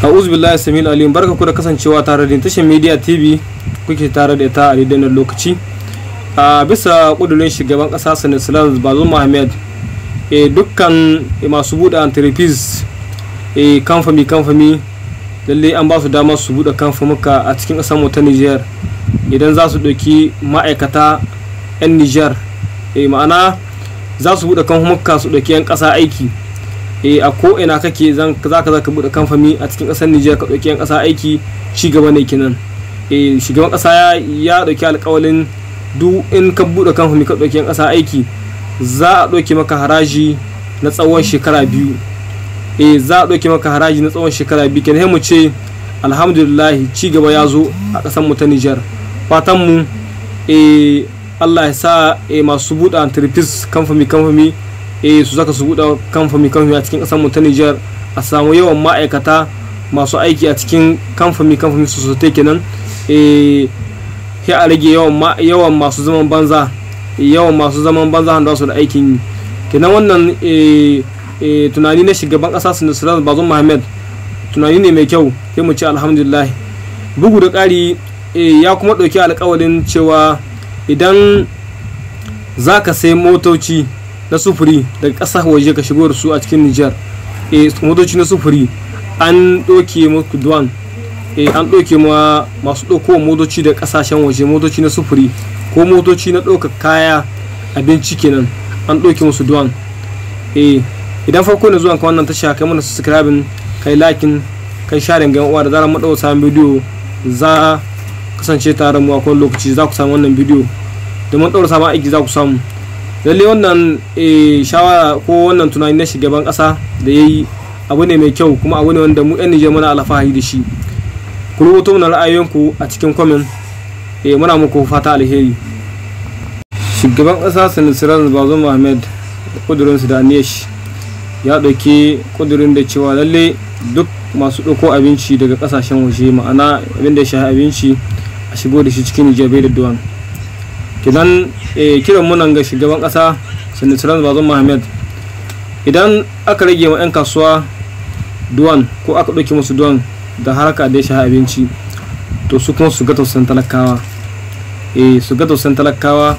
a'udhu billahi samil alim barka da kasancewa tare da tashar media tv kuke tare da ita a daidai lokaci a bisa kudurin shugaban kasa sanisila bazu muhammad e, eh, dukkan masu buɗe entrepreneurs e, eh, kamfami kamfami lalle an ba su dama su buɗe kamfamuka a cikin ƙasar mu ta niger idan za su ɗauki ma'aikata 'yan niger e, ma'ana za su buɗe kamfamuka su ɗauki 'yan ƙasa aiki e a ko ina kake zan zaka zaka bude kamfani a cikin kasar Nijar ka dauki yan kasa aiki ci gaba ne kenan e shugaban kasa ya ya dauki alƙawalin du in ka bude kamfani ka dauki yan kasa aiki za a dauki maka haraji na tsawon shekara biyu e za a dauki maka haraji na tsawon shekara biyu kenan mu ce alhamdulillah ci gaba ya zo a kasar mu ta Nijar fatan mu e Allah ya sa masu buɗe entreprise kamfani kamfani eh su zaka su buɗe kamfani kamfani a cikin ƙasarmu ta Nijar a samu yawan ma'aikata masu aiki a cikin kamfani kamfani su su nan eh a rage yawan masu zaman banza eh, yawan masu zaman banza hannu su da aikin yi kenan wannan eh, eh, tunani na shugaban ƙasa sun da Bazum muhammad tunani ne mai kyau sai mu ce alhamdulillah bugu da ƙari ya kuma ɗauki alƙawarin cewa idan za ka sai motoci na sufuri daga ƙasa waje ka shigo da su a cikin Nijar e motoci na sufuri an doke muku duwan e an ɗauke ma masu ɗauko motoci da ƙasashen waje motoci na sufuri ko motoci na ɗauka kaya abinci kenan an doke musu duwan e idan farko ne zuwan ka wannan tasha kai mana subscribing kai lakin kai share ga uwa da zarar mu samun bidiyo za kasance tare mu a kowane lokaci za ku samu wannan bidiyo da mun ɗaura aiki za ku samu lalle wannan eh, shawara ko wannan tunani na shugaban kasa da ya yi abu ne mai kyau kuma abu ne wanda mu 'yan nijar muna alfahari da shi ku na mana ra'ayoyinku a cikin kwamin eh, muna muku fata alheri shugaban kasa sanisirar bazon muhammad kudurinsu su aniyash ya ɗauki kudurin da cewa lalle duk masu ɗauko abinci daga ƙasashen waje ma'ana abin da ya shahi abinci a shigo da shi cikin nijar bai da duwan kidan eh, kiran munan ga shugaban kasa sanitiran bazon muhammad idan aka rage ma 'yan kasuwa duwan ko aka ɗauki musu duwan da haraka da ya shaha abinci to su kuma su ga tausan talakawa eh su ga tausan talakawa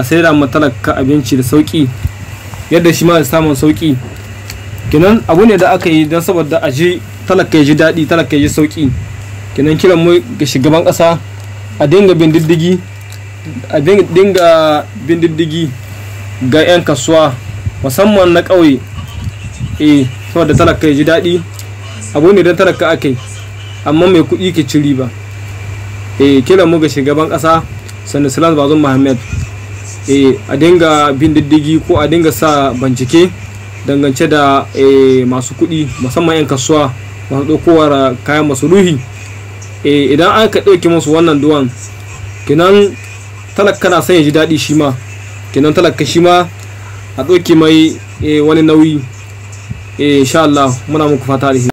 a sai da talaka abinci da sauki yadda shi ma da samun sauki kinan abu ne da aka yi don saboda a ji talaka ya ji daɗi talaka ya ji sauki kinan kiran mu ga shugaban ƙasa a dinga bin diddigi a dinga bin diddigi ga 'yan kasuwa musamman na ƙauye eh, sau da talaka ya ji daɗi abu ne don talaka ake amma mai kuɗi ke ciri ba. Eh, kila mu ga shugaban ƙasa sanda salam bazon mohamed eh, a dinga bin diddigi ko a dinga sa bincike dangance da masu kuɗi musamman 'yan kasuwa masu ɗaukowar kayan e idan aka ɗauke musu wannan duwan kinan talaka na son ya ji daɗi shi ma kenan talaka shi ma a ɗauke mai eh, wani nauyi eh, insha Allah muna muku fata alheri